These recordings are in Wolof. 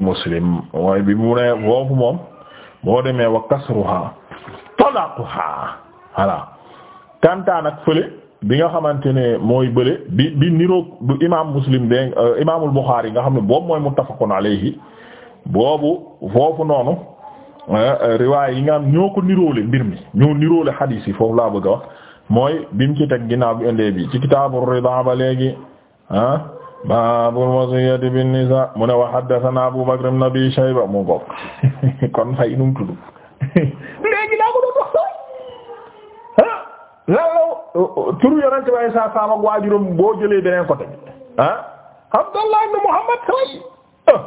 muslim mooy bi mu ne foofu moom boo demee wa kasruha talaquha voilà kantaan ak fële bi nga xamante ne mooy bële bi bi niroog bu imaam muslim euh, imaamul buxaari nga xam ne boobu mooy muttafaqun alayhi boobu foofu noonu euh, euh, riwaay yi nga xam ñoo ko niroole mbir mi ñoo niroole xadiis yi foofu laa bëgg a wax mooy bi ci teg ginnaaw bi indee bi ci kitaabu ridaa ba léegi ah. baabul wasiyyati bin nisaa mu ne wa haddathana Abu Bakr ibn Abi Shayba mu ngoog kon fay num tudd léegi laa ko doon wax sooy ah lan la turu yonent bi ay saa saam ak waajuram boo jëlee beneen côté ah Abdallah ibn Muhammad say ah,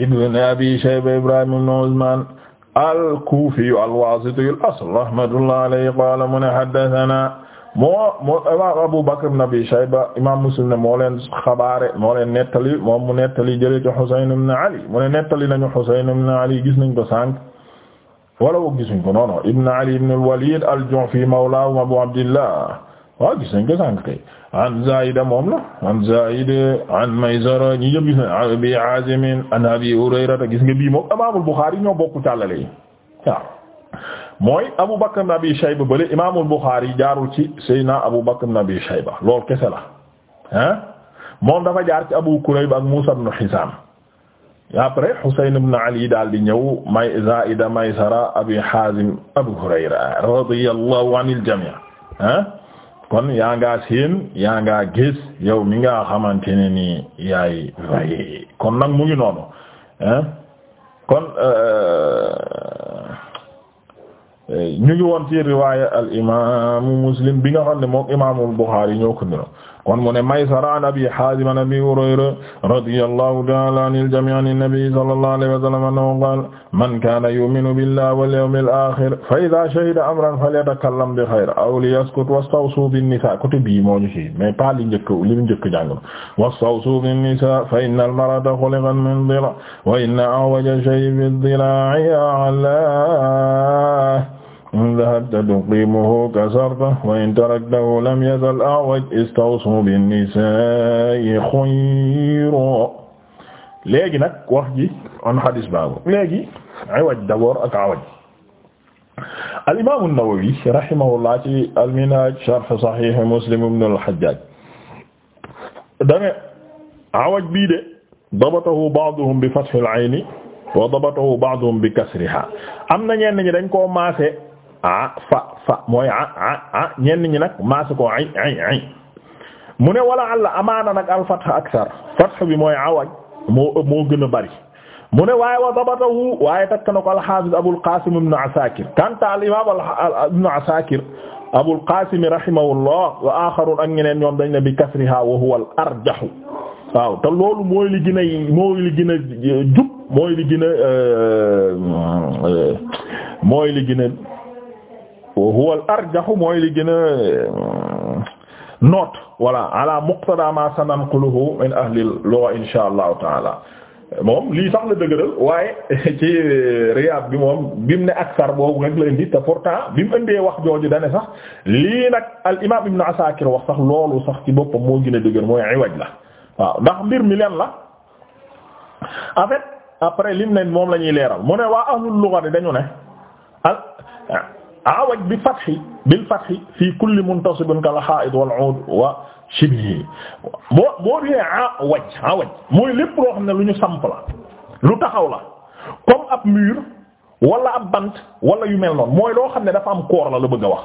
ibn Abi Shayba Ibrahim ibn Usman al-Kufi al-Wasiti al-asl rahmatullah alayhi qala mu ne haddathana moo moo imaam Abu Bakr ibn Abi Shayba imaam Muslim ne moo leen xabaare moo leen nettali moom mu nettali jëlee ci Husayn ibn Ali mu ne nettali nañu Husayn ibn Ali gis nañ ko sànq wala boog gisuñ ko non non ibn Ali ibn al-Walid al-Ju'fi mawlaahu Abu Abdillah waaw gis nañ ko sànq kay an Zaida moom la an Zaida an Maysara ñi ñëpp gis nañ Abi Azim an Abi Hurayra gis nga bii moom imaam al-Bukhari ñoo bokk càllale yi waaw mooy Abu Bakr ibn Abi Shayba bële jaarul ci Seydina Abu Bakr ibn Abi Shayba lool kese la ah dafa jaar ci Abu Kurayb ak Muusaa ibn Hisaam après Husayn ibn Ali daal di ñëw may Zaa'ida Maysara Abi Haazim Abu Hurayra radiyallahu anil jamii' ah kon yaa ngaa seen yaa ngaa gis yow mi nga xamante ne ni kon nag mu ngi noonu ah ñu ngi woon ci riwaaya al imaamu muslim bi nga xam ne moom imaamul buxaari ñoo ko niroo kon mu ne Maysara an Abi Haazim an Abi Hurayra radiyallahu ta'ala anil jamii' anin nabi sallallahu alayhi wa sallam annahu qaala man kaana yu'minu billahi wal yawmil aakhir fa idhaa shahida amran falyatakallam bi khayr aw liyaskut wastawsuu bin-nisaa côté bii moo ñu ci mais pas li njëkk li mu njëkk jàng wastawsuu bin-nisaa fa innal mar'ata khuliqat min dilaa wa inna a'waja shay'in fi dilaa'i a'laaha in dhahabta tuqimuhu kasarta wa in taraktahu lam yazal a'waj istawsu bin-nisaa'i khayra léegi nag wax ji on hadis baabu léegi awaj d'abord ak awaj al-imaam an-Nawawi rahimahullah ci al-Minhaaj sharh Sahih Muslim ibn al-Hajjaj dane awaj bii de dabatahu ba'duhum bi fathil ayni wa dabatahu ba'duhum bi kasriha am na ñenn ñi dañ koo maase ah fa fa mooy ah ah ah ñenn ñi nag maase ko ay ay ay mu ne wala àll amaana nag al fath aksar fath bi mooy awaj moo ëpp moo gën a bari mu ne waaye wa dabatahu waaye takk na ko alxaafis abul qaasim ibnu asaakir kanta al imaam ibnu asaakir abul qaasim rahimahullah wa aaxarun ak ñeneen ñoom dañ ne bi kasriha wa huwa al arjahu waaw te loolu mooy li gën a mooy li gën a jub mooy li gën a euh, mooy li gën a wa huwa al mooy li gën a mm, noot voilà ala muqtada ma sananquluhu min ahli lugha insha allahu taala moom lii sax la dëgëral waaye ci riyaab bi moom bi mu ne aksar boobu rek la indi te pourtant bi mu indee wax jooju dane sax lii nag al imaam ibnu Asaakir wax sax loolu sax ci boppam moo gën a dëgër mooy iwaj la waaw ndax mbir mi la en après lim ne moom la leeral mu ne waa ahlul lugha dañu ne awaj bi fathi bil fathi fi kulli muntasibin kal ha'id wal 'ud wa shibhi boo boo dee awaj awaj mooy lépp loo xam ne lu ñu samp la lu taxaw la comme ab mur wala ab bant walla yu mel noonu mooy loo xam ne dafa am koor la la bëgg a wax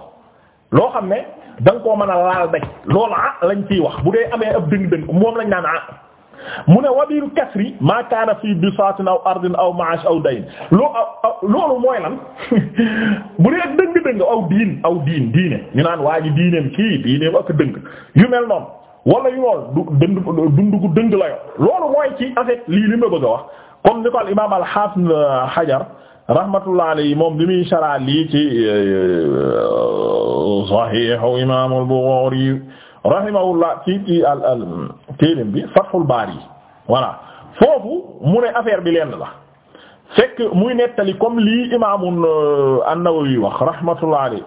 loo xam ne da nga koo mën a laal daj loolu ah lañ ciy wax bu dee amee ab dëng-dëng moom lañ naan ah mu ne wabil kasri ma kaana fii bisaatin aw ardin aw maash aw dayn loo loolu mooy lan bu dee dëng-dëng ñu naan waa ji diineem kii diineem ak dëng yu mel noonu wala yu lool du dënd dund gu dëng la li ma bëgg a wax comme ni ko al imaam al hafiz hajar rahmatullah alayhi moom bi muy sara lii ci euh, euh, sahih imaam al bukhari rahimahullah téeléem bi Fathul Bari voilà foofu mu ne affaire bi lenn la fekk muy nettali comme lii imaamu euh, An-Nawawi wax rahmatullah alayhi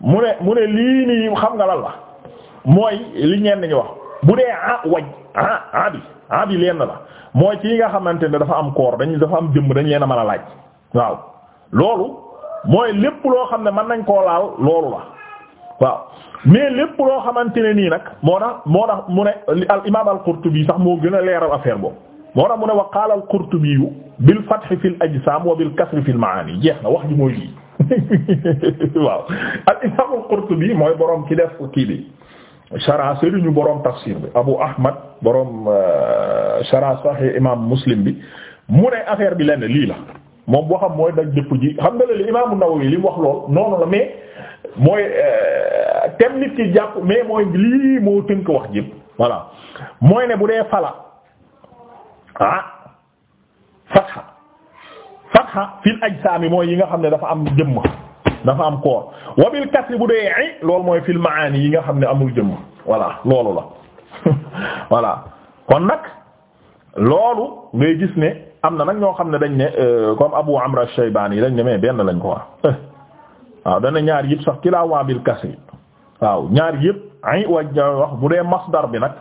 mu ne mu ne lii ni xam nga lan la mooy li ñenn ñu wax bu dee ah waj ah ah bi ah bi lenn la mooy ci nga xamante ne dafa am koor dañ dafa am jëmm dañ leen a mën a laaj waaw loolu mooy lépp loo xam ne mën nañ koo laal loolu la waaw mais lépp loo xamante ne nii nag moo tax moo tax mu ne al imaam al-Qurtubi sax moo gën a leeral affaire boobu moo tax mu ne wa qaala al-Qurtubi bil fathi fil ajsaam wa bil kasri fil maani jeex na wax ji mooy lii waaw al imaam al-Qurtubi mooy borom ki def kii bi shara sëriñu borom tafsir bi Abu Ahmad borom euh, shara Sahih imaam Muslim bi mu ne affaire bi lenn lii la moom boo xam mooy daj dëpp ji xam nga li imaam an-Nawawi li mu wax lool noonu la mais. mooy euh, tem nit ci jàpp mais mooy lii moo tënk wax jëm voilà mooy ne bu dee fala ah fatha fatha fil ajsaami mooy yi nga xam ne dafa am jëmm dafa am koor wabil kasri bu dee ay lool mooy fil maani yi nga xam ne amul jëmm voilà loolu la voilà kon nag loolu ngay gis ne am na nag ñoo xam ne dañ ne euh, comme Abu Amr ash yi dañ ne mais benn lañ ko wax waaw dana ñaar yëpp sax kilaawa bil kasri waaw ñaar yëpp ay wajja wax bu dee masdar bi nag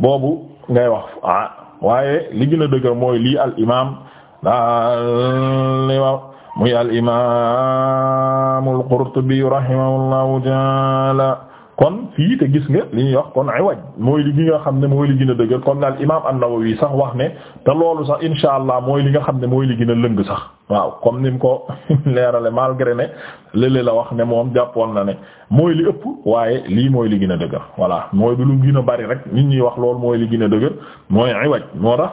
boobu ngay wax ah waaye li gën a dëgër mooy lii al imaam daal muy al imaamul Qurtubi rahimahullahu taala fii te gis nga li ñuy wax kon iwaj mooy li gi nga xam ne mooy li gën a dëgër kon daal imaam an-Nawawi sax wax ne te loolu sax insha allah mooy li nga xam ne mooy li gën a lëng sax waaw comme ni mu ko leerale malgré ne lële la wax ne moom jàppoon na ne mooy li ëpp waaye lii mooy li gina a dëgër voilà mooy du lu gën a bari rek nit ñuy wax loolu mooy li gën a dëgër mooy iwaj moo tax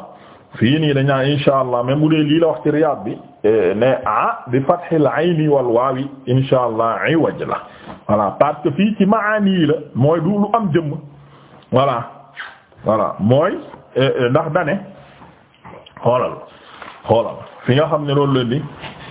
fii nii dañ naan insha allah même bu dee lii la wax ci riyaad bi eh, ne ah bi fathil ayni wal waawi insha allah iwaj la voilà parce que fii ci maani yi la mooy du lu am jëmm voilà voilà mooy eh, eh, ndax dane xoolal xoolal fi nga xam ne loolu leen di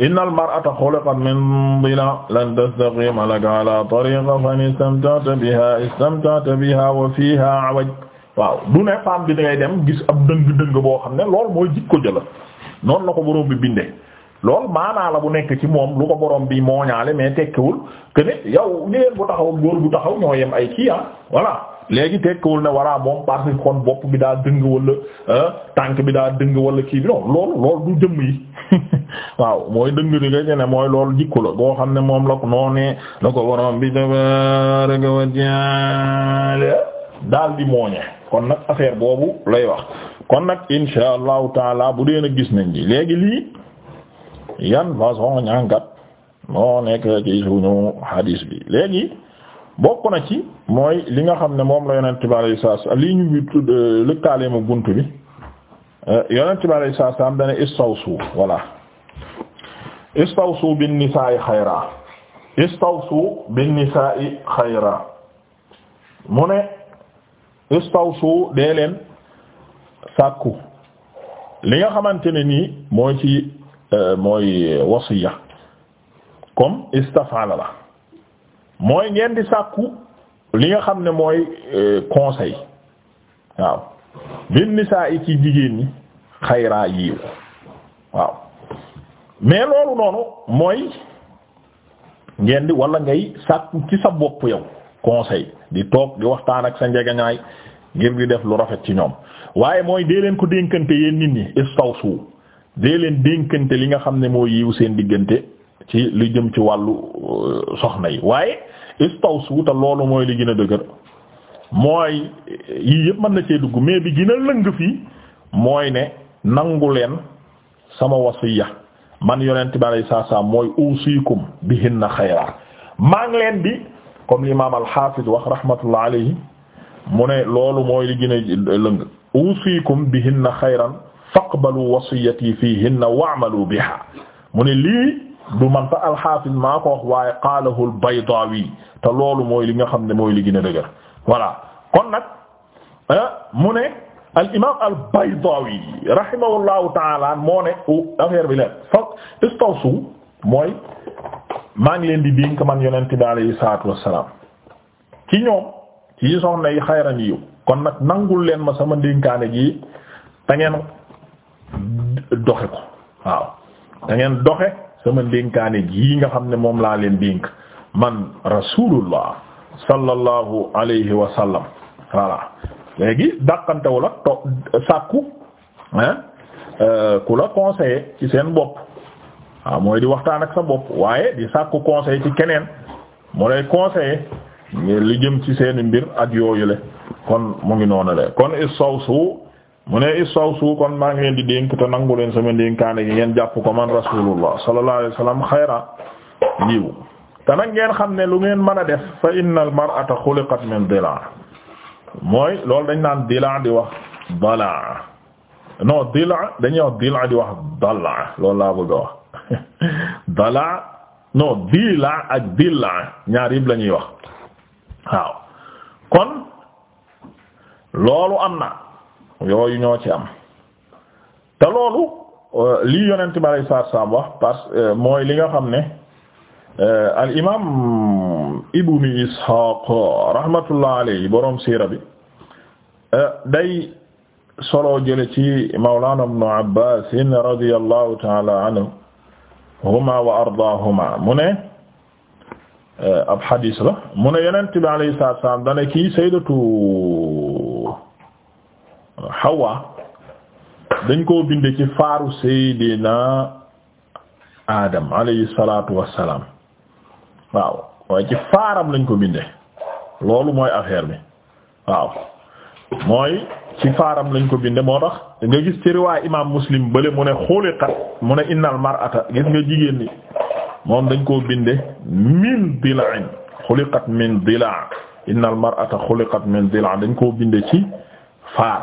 innal mar'ata xuliqat min dila lan tastaqima laka ala tariqa fa in istamta'ta biha istamta'ta biha wa fiha awaj waaw du ne femme bi dangay dem gis ab dëng-dëng boo xam ne loolu mooy jikko jëla noonu la ko boroom bi bindee loolu maanaa la bu nekk ci moom lu ko boroom bi mooñaale mais tekkiwul que taxaw góor bu taxaw ñoo ay kii ah léegi tekkiwul ne voilà moom parce kon bopp bi daa dëng wala euh, tànk bi daa dëng wala kii bi non loolu loolu du jëmm yi waaw mooy dëng di nga ne mooy loolu jikko la boo xam ne moom la ko noonee la ko boroom bi tabaaraka wa ta'aala daal di mooñe kon nag affaire boobu lay wax kon nag insha allahu taala bu dee nag gis nañ ci léegi lii yan façon ñàngat moo nekk ci suñu hadis bi léegi bokk na ci mooy li nga xam ne moom la yonent bi alayhi salaam lii ñu ngi tudd euh, lëkkaale bunt bi euh, yonent bi alayhi salaam dana istawsu voilà istawsu bin nisaa'i xayra istawsu bin nisaa'i xayra mu ne istawsu dee leen sàkku li nga xamante ne nii mooy ci euh, mooy wasiya comme istafala la mooy ngeen di sàkku li nga xam ne mooy euh, conseil waaw bin nisaa yi ci jigéen ñi xayraa yiiw waaw mais loolu noonu mooy ngeen di walla ngay sàkku ci sa bopp yow conseil di toog di waxtaan ak sa njegeñaay ngir di def lu rafet ci ñoom waaye mooy dee leen ko dénkante yéen nit ñi istawsu dee leen dénkante li nga xam ne moo yiw seen diggante ci lu jëm ci wàllu euh, soxna yi waaye istawsu te loolu mooy li gën a dëgër mooy yii yëpp mën na cee dugg mais bi gina a lëng fii mooy ne nangu leen sama wasiya man yonent bi alayhi salaam mooy usikum bihinna xayra maa ngi leen di comme l'imam al-Hafiz wax rahmatullah alayhi mu ne loolu mooy li gën a lëng usikum bihinna xayran faqbalu wasiyati fihinna wa'malu biha mu ne lii du man fa al-Hafiz maa ko wax waaye qaalahu al-Baydawi te loolu mooy li nga xam ne mooy li gën a dëgër voilà kon nag ah, mu ne al imaam al Baydawi rahimahullahu taala moo ne oh, affaire bi la fa istawsu mooy maa ngi leen di dénk man yonent bi alayhi salaatu wassalaam ci ñoom ci soxna yi xayran yiw kon nag nangul leen ma sama ndénkaane gi da doxe ko waaw da doxe sama ndénkaane gi nga xam ne moom laa leen dénk man rasulullah sallallahu alayhi wa sallam voilà léegi dàqantewu la to sàkku hein euh, ku la conseiller ci seen bopp waaw mooy di waxtaan ak sa bopp waaye di sàkku conseil ci keneen mu lay conseiller li jëm ci seeni mbir ak yooyu le kon mu ngi noonu le kon istawsu mu ne istawsu kon maa ngi leen di dénk te nangu leen sama dénkaane gi ngeen jàpp ko man rasulullah sallallahu alayhi wasallam xayra yiw te nag ngeen xam ne lu ngeen mën a def fa innal mar'ata xuliqat min dila mooy loolu dañ naan dila di wax dala non dila dañuy wax dila di wax dala loolu laa bëgg a wax dala non dila ak dila ñaar yëpp la ñuy wax waaw kon loolu am na yooyu ñoo ci am te loolu euh, lii yonent bi alay wax parce que euh, mooy li nga xam ne euh, al imam ibnu ishaq rahmatullah alayhi boroom siira bi day solo jële ci mawlana ibnu abbasin radiyallahu taala anhu huma wa ardaahuma mu ne eh, ab xadiis la mu ne yonent bi alayhi salaatu salaam dana kii sayyidatu Hawa dañ ko binde ci faaru sayyidina Adam alayhi salaatu wassalaam waaw waaye ci faaram lañ ko binde loolu mooy affaire bi waaw mooy ci faaram lañ ko binde moo tax nga gis ci riwaay imam muslim bële mu ne xuliqat mu ne innal mar'ata gis nga jigéen ni moom dañ koo binde min dila'in xuliqat min dila' innal mar'ata xuliqat min dila' dañ koo bindee ci faar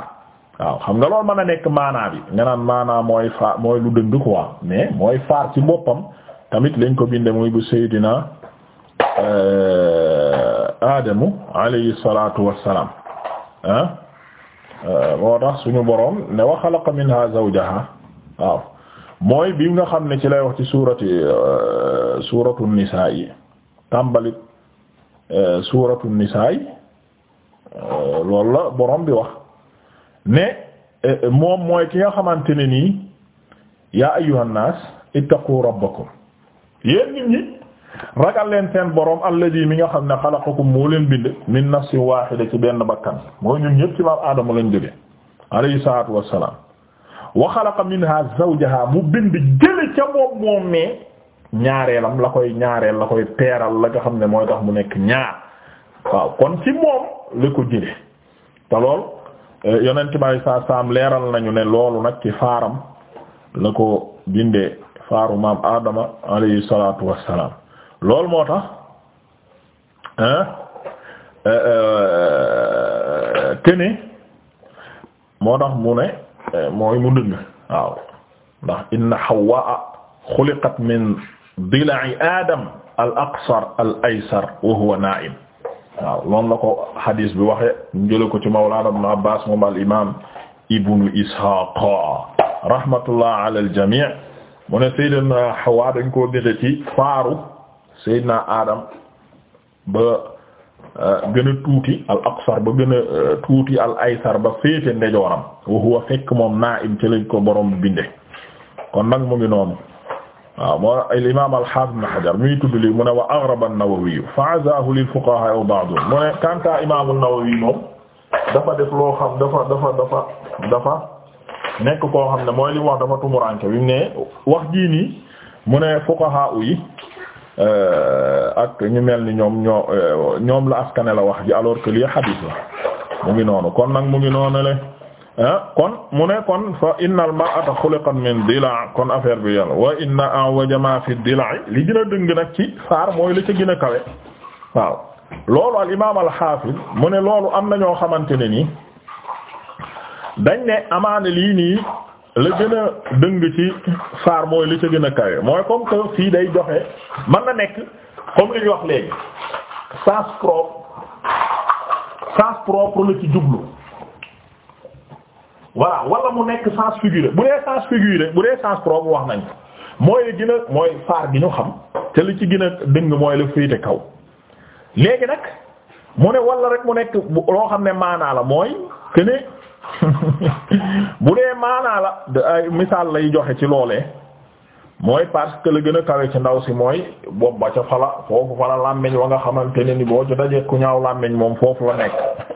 waaw xam nga loolu mën a nekk maanaa bi nga naan maanaa mooy faar mooy lu dëng quoi mais mooy faar ci boppam tamit lañ ko binde muy bu seydina euh, adamu alayhi salatu wassalam Euh, moo tax suñu boroom ne wa xalaqa minha zawjaha waaw mooy bi nga xam ne ci lay wax ci suurati euh, suuratu nisaa yi tàmbalit euh, suuratu nisaa yi loolu la boroom bi wax ne moom mooy ki nga xamante ne nii yaa ayyuhan naas ittaqu rabbakum yéen nit ñi ragal leen seen boroom borom alladi mi nga xam ne xalaqakum moo leen bind min nafsin waahida ci benn bakkan mooy ñun ñëpp ci maam aadama lañ jóge alayhi salaatu wassalaam wa xalaqa minha zawjaha mu bind jële ca moom moom mais ñaareelam la koy ñaareel la koy peeral la nga xam ne mooy tax mu nekk ñaar waaw kon ci moom la ko jële te lool eh, yonent bi saa saam leeral nañu ne loolu nag ci faaram la ko bindee faaru maam aadama alayhi salaatu wassalaam loolu moo tax kene euh, euh, euh, moo tax mu ne mooy mu dëng waaw ndax inna min dila'i Adam al aqsar al aysar wa huwa naa'im waaw loolu la ko hadis bi waxe jële ko ci mawlaana ibn Abbaas al imaam ibnu Ishaaq rahmatullah al jamii' mu ne sayyidina Hawwa dañ koo gëte ci faaru Seydina Adam ba euh, gën a tuuti al aqsar ba gën a euh, tuuti al aysar ba féete ndejooram wa huwa fekk moom naa'im ci lañ ko borom binde kon nag mu ngi noonu waaw moo al imaam al haafiz ibn Hajar muy tudd lii mu ne wa aghraba an-Nawawi fa'azaahu lil fuqahaa aw mu ne kanta imaam an moom dafa def loo xam dafa dafa dafa dafa nekk koo xam ne mooy li mu wax dafa tumuranke bi mu ne wax jii nii mu ne fuqahaa yi Euh, ak ñu mel ni ñoom ñoo euh, ñoom la askane la wax ji alors que lii hadith la mu ngi noonu kon nag mu ngi noonu le ah, kon mu ne kon fa inna al mar'ata xuliqat min dila' kon affaire bi yàlla wa inna a'waja ma fi dila' li gën a dëng nag ci faar mooy li ca gën a kawe waaw loolu al imaam al xaafis mu ne loolu am na ñoo xamante ne nii dañ ne amaana lii nii la gën a dëng ci saar mooy li ca gën a kawe mooy comme que fii day joxe man na nekk comme li ñu wax léegi sens propre sens propre la ci jublu voilà wala mu nekk sens figuré bu dee sens figuré bu dee sens propre wax nañ mooy li gën a mooy saar gi ñu xam te li ci gën a dëng mooy la féete kaw léegi nag mu ne wala rek mu nekk loo xam ne maanaa la mooy que bu dee maanaa la ay misaal lay joxe ci loolee mooy parce que la gën a kawe ci ndaw si mooy bopp ba ca fala foofu fala làmmiñ wa nga xamante ne ni boo ci dajee ku ñaaw làmmiñ moom foofu la nekk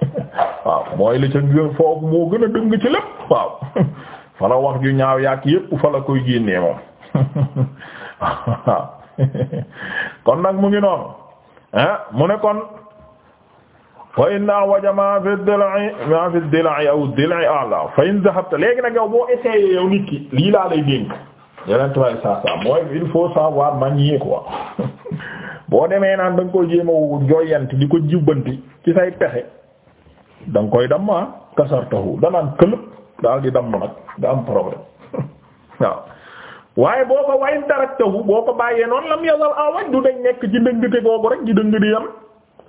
waaw mooy li ca gën foofu moo gën a dëng ci lépp waaw fala wax ju ñaaw yàq yépp fala koy génnee moom waaw kon nag mu ngi noonu ah mu ne kon fa in a'waja ma fi dil'i ma fi dil'i aw dil'i a'la fa in dhahabta léegi nag yow boo essayé yow nit ki lii laa lay dénk yeneen tubaab yi saa saa mooy il faut savoir manier quoi boo demee naan da koy jéem a jooyanti di ko jubbanti ci say pexe da nga koy damm ah kasartahu danaan këlëb daal di damm nag da problème waaw waaye boo ko wayin taraktahu boo ko bàyyee noonu lam yazal awaj ah, du dañ nekk ci ndëngte googu rek di dëng di yam.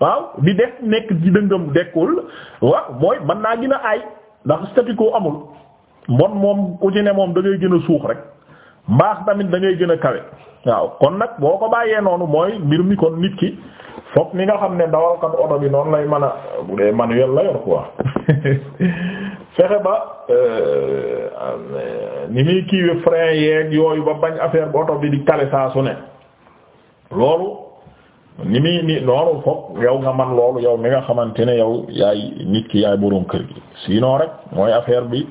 waaw di def nekk ci dëngam dekkul waaw mooy mën naa gën a aay ndax statu amul mbon moom ku ci ne moom da ngay gën a suux rek mbaax tamit da ngay gën a kawe waaw kon nag boo ko bàyyee noonu mooy mbir mi kon nit ki fokk ni nga xam ne dawalkat oto bi noonu lay mën a bu dee manuel la yor quoi fexe ba euh, ni muy kiiwe frein yeeg yooyu ba bañ affaire bi oto bi di kale saa su ne loolu ni muy ni noonu foog yow nga man loolu yow mi nga xamante ne yow yaay nit ki yaay boroom kër gi sinon rek mooy affaire bi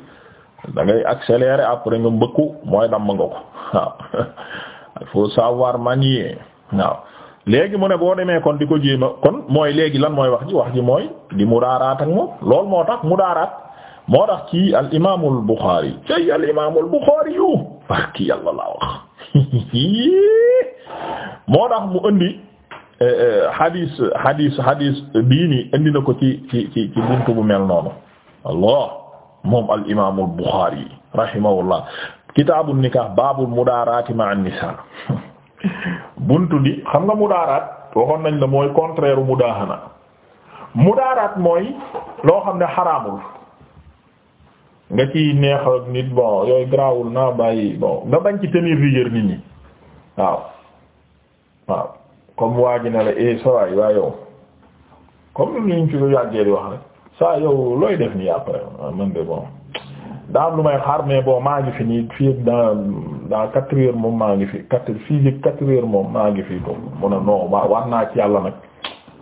da ngay accélérer après nga mbëkku mooy damm nga ko waaw il faut savoir manier waaw léegi mu ne boo demee kon di ko jéema kon mooy léegi lan mooy wax ji wax ji mooy di mudaaraat ak lool moo tax mudaaraat moo tax kii al imaamul Buxaari tey al imaamul Buxaari yàlla laa wax moo tax mu indi Eh, eh, hadis hadis hadis bii nii indi na ko ci ci ci ci buntu bu mel noonu allah moom al imaam al Buxaari rahimahullah kitaabu nikah baabul mudaaraati ma'a nisaa buntu bi xam nga mudaaraat waxoon nañ la mooy contraire mudaahana mudaaraat mooy loo xam ne xaraamul nga ci neex ak nit yooyu garaawul naa bàyyi bon nga bañ ci tenir rigueur nit ñi waaw waaw comme waa ji ne la eh ça waa yow comme ni ñu ci yàggee di wax rek saa yow looy def nii après ah, man de bon daa lu may xaar mais bon maa ngi fi nii fii dans dans quatre heures moom maa ngi fi quatre fii yëpp quatre heures moom maa ngi fi ko mu ne non waa war naa ci yàlla nag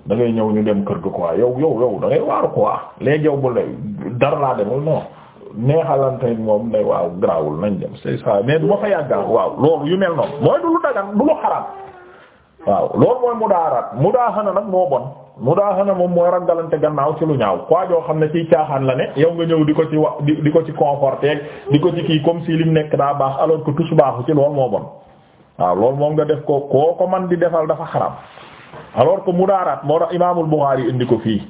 da ngay ñëw ñu dem kër ga quoi yow yow yow da ngay waaru quoi léegi yow bu dara laa demul non neexalante moom ne waaw garaawul nañ dem c'est ça mais du ma fa yàggal waaw loolu yu mel noonu mooy du lu dagan du lu waaw loolu mooy mudaaraat mudaaxana nag moo bon mudaaxana moom mooy ragalante gannaaw ci lu ñaaw quoi joo xam ne ciy caaxaan la ne yow nga ñëw di ko ci wax di ko ci conforté di ko ci kii comme si lim nekk daa baax alors que tous baaxu ci loolu moo bon waaw loolu moom nga def ko koo ko man di defal dafa xaram alors que mudaaraat moo tax imaamul yi indi ko fii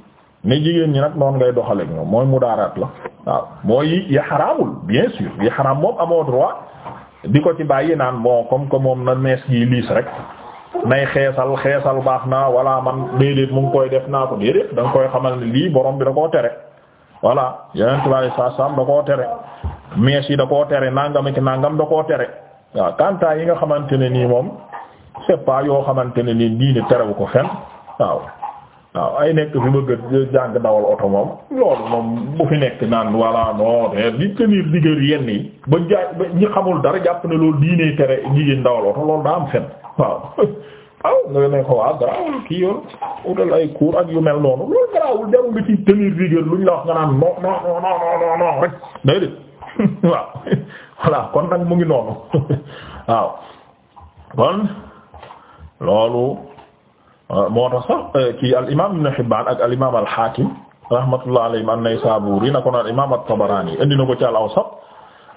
ne jigéen ñi nag noonu ngay doxal ñoom mooy mudaaraat la waaw mooy yi xaraamul bien sûr yi xaraam amoo droit di ko ci bàyyi naan bon comme que moom na mees gi liis rek. nay xeesal xeesal baax naa wala man déedéet mu ngi koy def naa ko déedéet da nga koy xamal ne lii borom bi da koo tere voilà yeneen tubaab yi saa saam da koo tere mees yi da koo tere nangam ak nangam da koo tere waaw kantaa yi nga xamante ne nii moom c'est yoo xamante ne nii diine terewu ko fen waaw. waaw ay nekk fi bëgg jàng dawal oto moom loolu moom bu fi nekk naan voilà non te di tenir diggante yenn yi ba ñi xamul dara jàpp ne loolu diine tere jigéen dawal oto fen waaw waaw nga ne ko waaw garaawul kii yoon utal ay cours ak yu mel noonu loolu garaawul jarul nga ci tenir rigueur luñ la wax nga naan non non non non rek day dé waaw voilà kon nag mu ngi noonu waaw kon loolu euh, moo tax sax euh, kii al imam Ibn Hibbaan ak al imam al Haakim rahmatullah alayhim an-Naysaabuuri na ko naan imam at-Tabaraani indi na ko ci al Awsat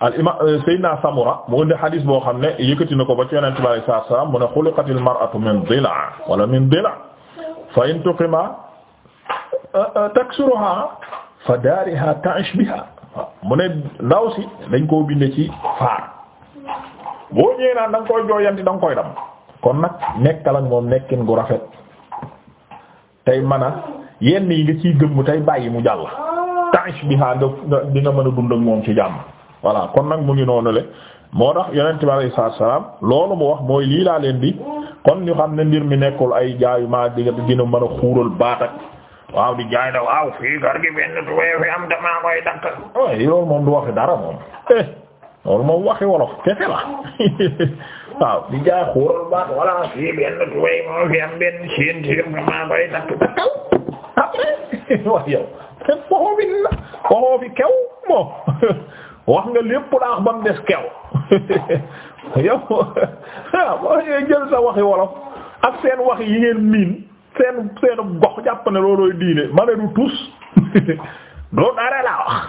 al imam euh, Seydina Samura mu indi xadis boo xam ne yëkkati na ko ba ci Yonent bi sallallahu alayhi wasallam mu ne xuliqatil mar'atu min dila wala min dila fa in tuqima euh, euh, fa daariha ta'ish biha mu ne ndaw si dañ koo binde ci faar boo ñëwee naan da koy jooyanti da koy dam kon nag nekkal ak moom nekkin gu rafet tey mën a yenn yi nga ciy gëm tey bàyyi mu jàll ta'ish biha nga nga di nga mën a dund ak moom ci jàmm voilà kon nag mu ngi noonu le moo tax yonent bi alayhi salaam loolu mu wax mooy lii laa leen di kon ñu xam ne mbir mi nekkul ay jaayu maa di gën a mën a xuural waaw di jaay da waaw fii gar gi benn tuwee fi am damaa koy dakk waaye eh, loolu moom waxi wolof kese la waaw di jaay xuural baat walla fii benn tuwee moo fi am benn siin siin damaa koy dakk dakkal après wax yow kenn foxoo kew moom wax nga lépp daax ba mu des kew yow boo jël sa waxi wolof ak seen wax yi ngeen miin seen seen gox jàpp ne loolooy diine ma ne du tus doo dara laa wax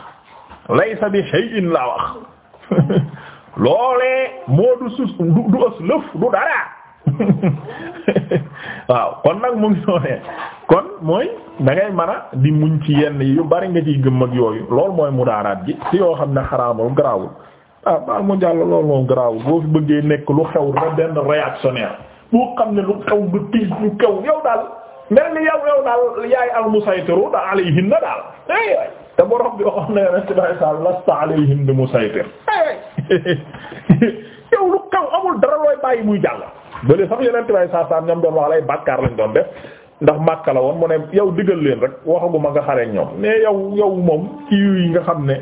laysa bi shay'in laa wax loolee moo du sus du ës lëf du dara waaw kon nag mu ngi noonee kon mooy dangay ngay di muñ ci yenn yu bari nga ciy gëm ak yooyu loolu mooy mudaaraat gi ci yoo xam ne xaraamul garaawul ah baal mu jàll loolu moom garaawul boo fi bëggee nekk lu xew rek benn réactionnaire boo xam ne lu xew nga tiis lu xew yow daal mel ni yow yow daal yaay al-musaytiru da alayhinna daal eh, te borom bi waxoon na yeneen ci bari saa lasta alayhim bi musaytir eh, yow lu xew amul dara looy bàyyi muy jàll. bële sax yeneen tubaab saa saa ñoom doon wax lay bàkkaar lañ doon def ndax Makka la woon mu ne yow digal leen rek waxaguma nga xare ñoom mais yow yow moom kii yi nga xam ne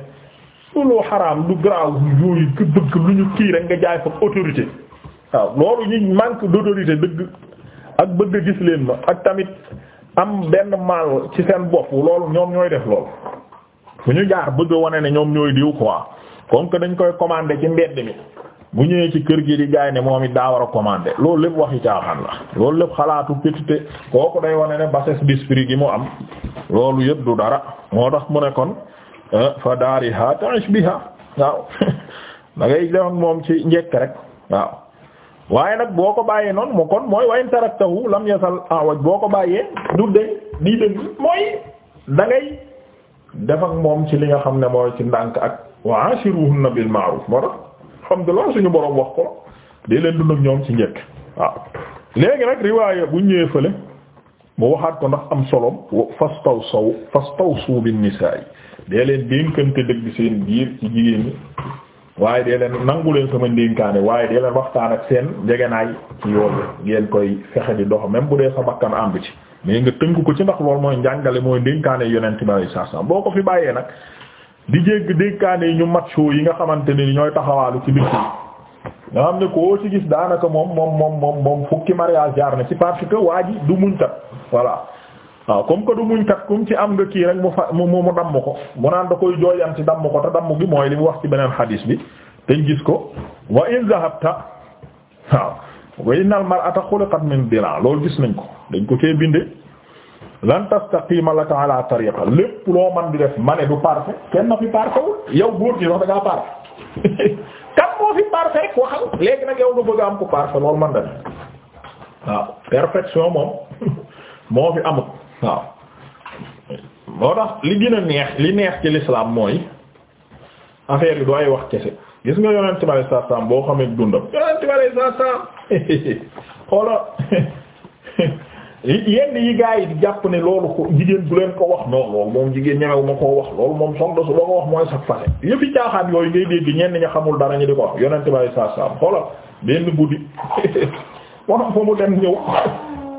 loolu xaraam du garaaw yooyu ku bëgg lu ñu kii rek nga jaay fa autorité waaw loolu ñu manque d'autorité dëgg ak bëgg gis leen ma ak tamit am benn mal ci seen bopp loolu ñoom ñooy def loolu bu ñu jaar bëgg wane ne ñoom ñooy diw quoi comme que dañ koy commander ci mbedd mi. mu ñëwee ci kër gi di jaay ne moom it daa war a commander loolu lépp waxi caaxaan la loolu lépp xalaatu petite kooku day wane ne bassesse d'esprit gi mu am loolu yëpp du dara moo tax mu ne kon eh, fa daariha ta'ish biha waaw da ngay def moom ci njekk rek waaw waaye nag boo ko bàyyee noonu mu kon mooy wayn taraktahu lam yasal awaj boo ko bàyyee du dëñ da ngay moom ci li nga xam ne mooy ci ndànk ak wa ashiruhunna bil ma'ruf moo tax alhamdulilah suñu borom wax ko di leen dund ak ñoom ci njëkk waaw léegi nag riwaaya bu ñëwee fële mu waxaat ko ndax am solom fastawsaw fastawsu bin nisaa yi dee leen dénkante dëgg seen biir ci jigéen ñi waaye dee leen nangu leen sama ndénkaane waaye dee leen waxtaan ak seen njegenaay ci yoolu ngeen koy fexe di dox même bu dee sa bakkan àmb ci mais nga tënk ko ci ndax loolu mooy njàngale mooy ndénkaane yeneen ti sallallahu alayhi wasallam boo ko fi bàyyee nag di jégg dénkaane ñu matchoo yi nga xamante ni ñooy taxawaalu ci biir nga xam ne koo ci gis daanaka moom moom moom moom moom fukki mariage jaar na ci parce que waa ji du muñ kat waaw comme que du muñ kat comme ci am nga kii rek mu fa mu mu damm ko mu naan da koy jooyan ci damm ko te damm gi mooy li mu wax ci beneen xadiis bi dañ gis ko wa in zahabta waaw wa innal mar'ata xuliqat min dila loolu gis nañ ko dañ ko cee binde lan tastaqima laka ala tariqa lépp loo man di def ma du parfait kenn na fi parfait wul yow góor gi sax da ngaa moo fi parfait rek waxal léegi nag yow nga bëgg am ko parfait loolu man da waaw perfection moom moo fi amut waaw moo tax li gën a neex li neex ci l'islam mooy affaire yi du ay wax kese gis nga yonent bi sallallahu alayhi wasallam boo dundam yonent bi sallallahu xoola yenn yi gaa yi di jàpp ne loolu jigéen bu leen ko wax non loolu moom jigéen ñemewu ma koo wax loolu moom soxna su ba ko wax mooy sax fase yëfi caaxaan yooyu ngay dégg ñenn xamul dara ñu di ko wax yonent bàyyi saa saam xoolal benn guddi moom ñëw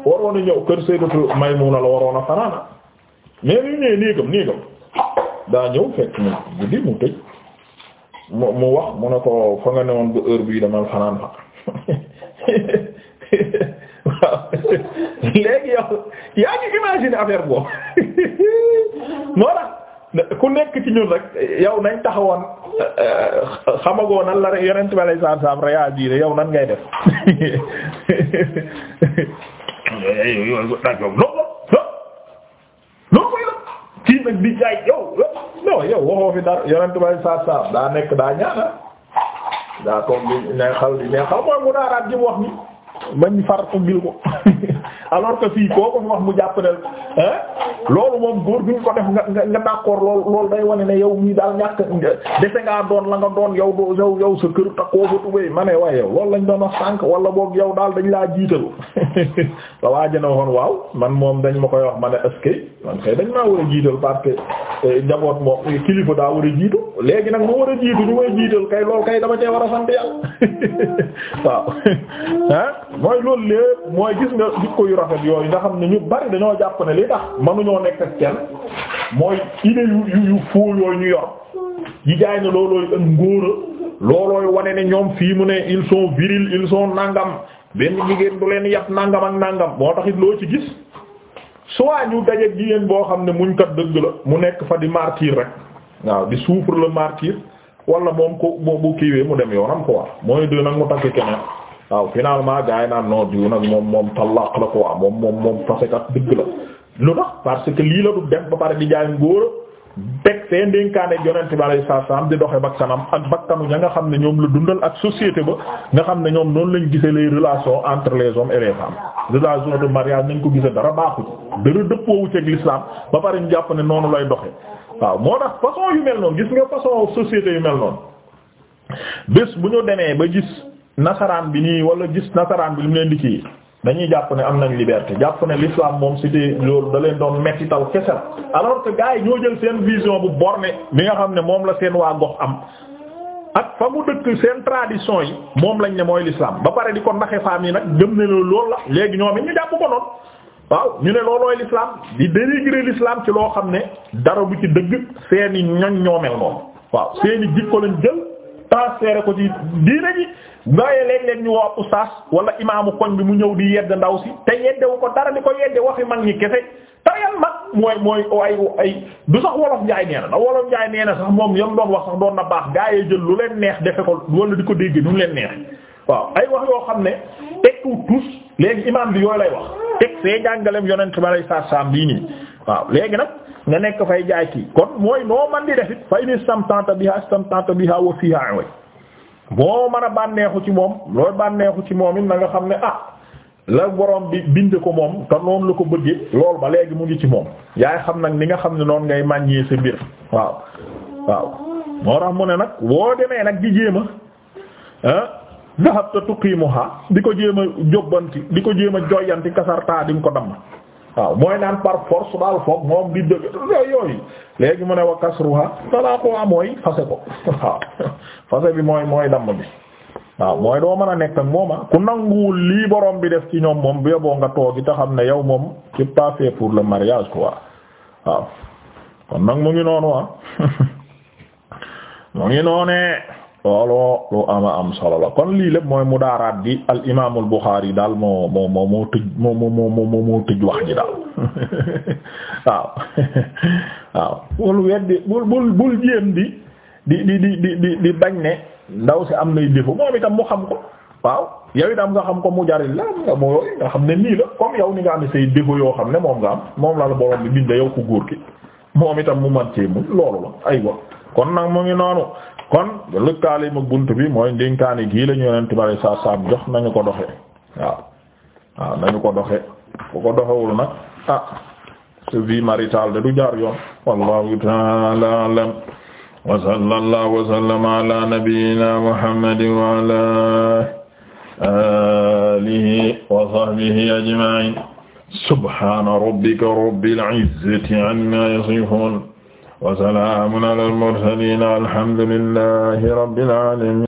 waroon kër Sayyidatu la waroon a fanaana mais mu tëj mu mu wax mu ne ko fa nga newoon ba heure bii demal fanaan fa waaw léegi yow yaa ngi imaginer affaire boobu moo tax ku nekk ci ñun rek yow nañ taxawoon euh, xamagoo nan la rek yonent ba lay saab saab réagir yow nan ngay def kii nag di jaay yow non yow waxoo fi dara yonent ba saab saab daa nekk daa ñaana daa toog di neexal di neexal mooy mu daaraat ji wax ni bañ far ko gil ko alors que fii koo ko wax mu jàpp ne loolu moom góor bi ñu ko def nga nga d'accord lool loolu day wane ne yow mii daal ñàkk dese ngaa doon la nga doon yow doo yow yow sa kër takkoo fa tubéy ma ne waaye yow lañ doon a sànk wala boog yow daal dañ laa jiitalu la waaja ne woon waaw man moom dañ ma koy wax ma ne dañ a jiital parce que eh, njaboot moom eh, kilifa daa war a léegi nag ma war a jiitu ñu may jiital kay lool kay dama cee war a waaw ah mooy gis nga jikko yu rafet yooyu nga xam ne ñu bari dañoo jàpp ne li tax mënuñoo nekk ak kenn mooy idée yu yu foo ñu yor yi jaay ne loolooy ak ngóora loolooy wane ne ñoom fii mu ne ils sont virils ils sont nangam benn jigéen du leen yàpp nangam ak nangam moo tax it loo ci gis soit ñu dajeeg jigéen boo xam ne muñ kat dëgg la mu nekk fa di martyr rek waaw di souffre le martyr wala moom ko bu kiiwee mu dem yoonam quoi mooy dina nag mu takk keneen. waaw finalement gars yi naan non diw nag moom moom talaq la quoi moom moom la lu tax parce que lii la du def ba pare di jaay ngóor teg seen dénkaane yonente bi alayhi salaam ña nga xam ne ñoom la dundal ak société ba xam ne ñoom noonu lañ gisee les relations entre les hommes et les ko gisee dara baaxut dara dëppoowu ci l'islam ba pare ñu ne noonu lay doxe waaw moo tax façon yu mel noonu gis nga façon société yu mel noonu bés bu ñu demee ba gis nasaraan bi nii wala gis nasaraan bi lu mu leen di kii dañuy jàpp ne am nañ liberté jàpp ne l'islam moom c'était loolu da leen doon metti taw kese la alors que gars yi ñoo jël seen vision bu borné bi nga xam ne moom la seen waa gox am ak fa mu dëkk seen tradition yi moom lañ ne mooy l'islam ba pare di ko naxe faam yi nag gëm ne lool la léegi ñoom it ñu jàpp ko noonu waaw ñu ne loolooy l'islam di dénigrer l'islam ci loo xam ne dara bu ci dëgg seeni ñoñ ñoo mel noonu waaw transféré ko ci diine ji ngaye leen leen ñu woo ab ustaas wala imaamu koñ bi mu ñëw di yedd ndaw si te yeddewu ko dara li ko yedde waxi mag ñi kese tayal mag mooy mooy ay ay du sax wolof njaay nee na da wolof njaay nee na sax moom yam doon wax sax doon na baax gaa yi jël lu leen neex defe ko wala di ko dégg nu leen neex waaw ay wax yoo xam ne tekkiwul tous léegi imaam bi yooyu lay wax teg see jàngaleem yonent bi alayhi salaam bii nii waaw léegi nag nga nekk fay jaay kii kon mooy noo man di defit fa ini stamtanta biha stamtanta bi wa fiha way boo mën a bànneexu ci moom looy bànneexu ci moom it na nga xam ne ah la borom bi bind ko moom te noonu la ko bëggee loolu ba léegi mu ngi ci moom yaay xam nag ni nga xam ne noonu ngay màññee sa mbir waaw waaw moo tax mu ne nag woo demee nag di jéema dahabta ah, tuqimuha di ko jéem a jobbanti di ko jéem a joyanti kasarta di nga ko damm waaw mooy naan par force daal foog moom di dëgg yooyu léegi mu ne wa kasruha talaaquha mooy fase ko waaw fase bi mooy mooy damm bi waaw mooy doo mën a nekk ak moom ah ku nanguwul lii borom bi def ci ñoom moom bu boo nga toogi te xam ne yow moom c'est pas fait pour le mariage quoi waaw kon nag mu ngi noonu ah mu ngi noonee. looloo lu ama am solo la kon lii lépp mooy mudaaraat gi al imaamul Buxaari daal moo moo moo moo tëj moo moo moo moo tëj wax ji daal waaw waaw bul weddi bul bul bul jéem di di di di di di bañ ne ndaw si am nay défaut moom itam mu xam ko waaw yow itam nga xam ko mu jaril la nga moo nga xam ne nii la comme yow ni nga am say défaut yoo xam ne moom nga am moom la la borom bi bind yow ku góor ki moom itam mu man cee mu loolu la aywa kon nag mu ngi noonu kon lëkkaale ma bunt bi mooy ndénkaani gii la ñu yonent bari saa saam jox nañu ko doxe waaw waaw nañu ko doxe bu ko doxewul nag ah sa vie maritale de du jaar yoon wallahu ta'ala a'lam wa sallallahu wa sallama ala nabiyyina muhammadin wa ala alihi wa sahbihi ajma'in subhana rabbika rabbil izzati wa salaamun alal mursaliin alhamdulillahi rabbil aalamiin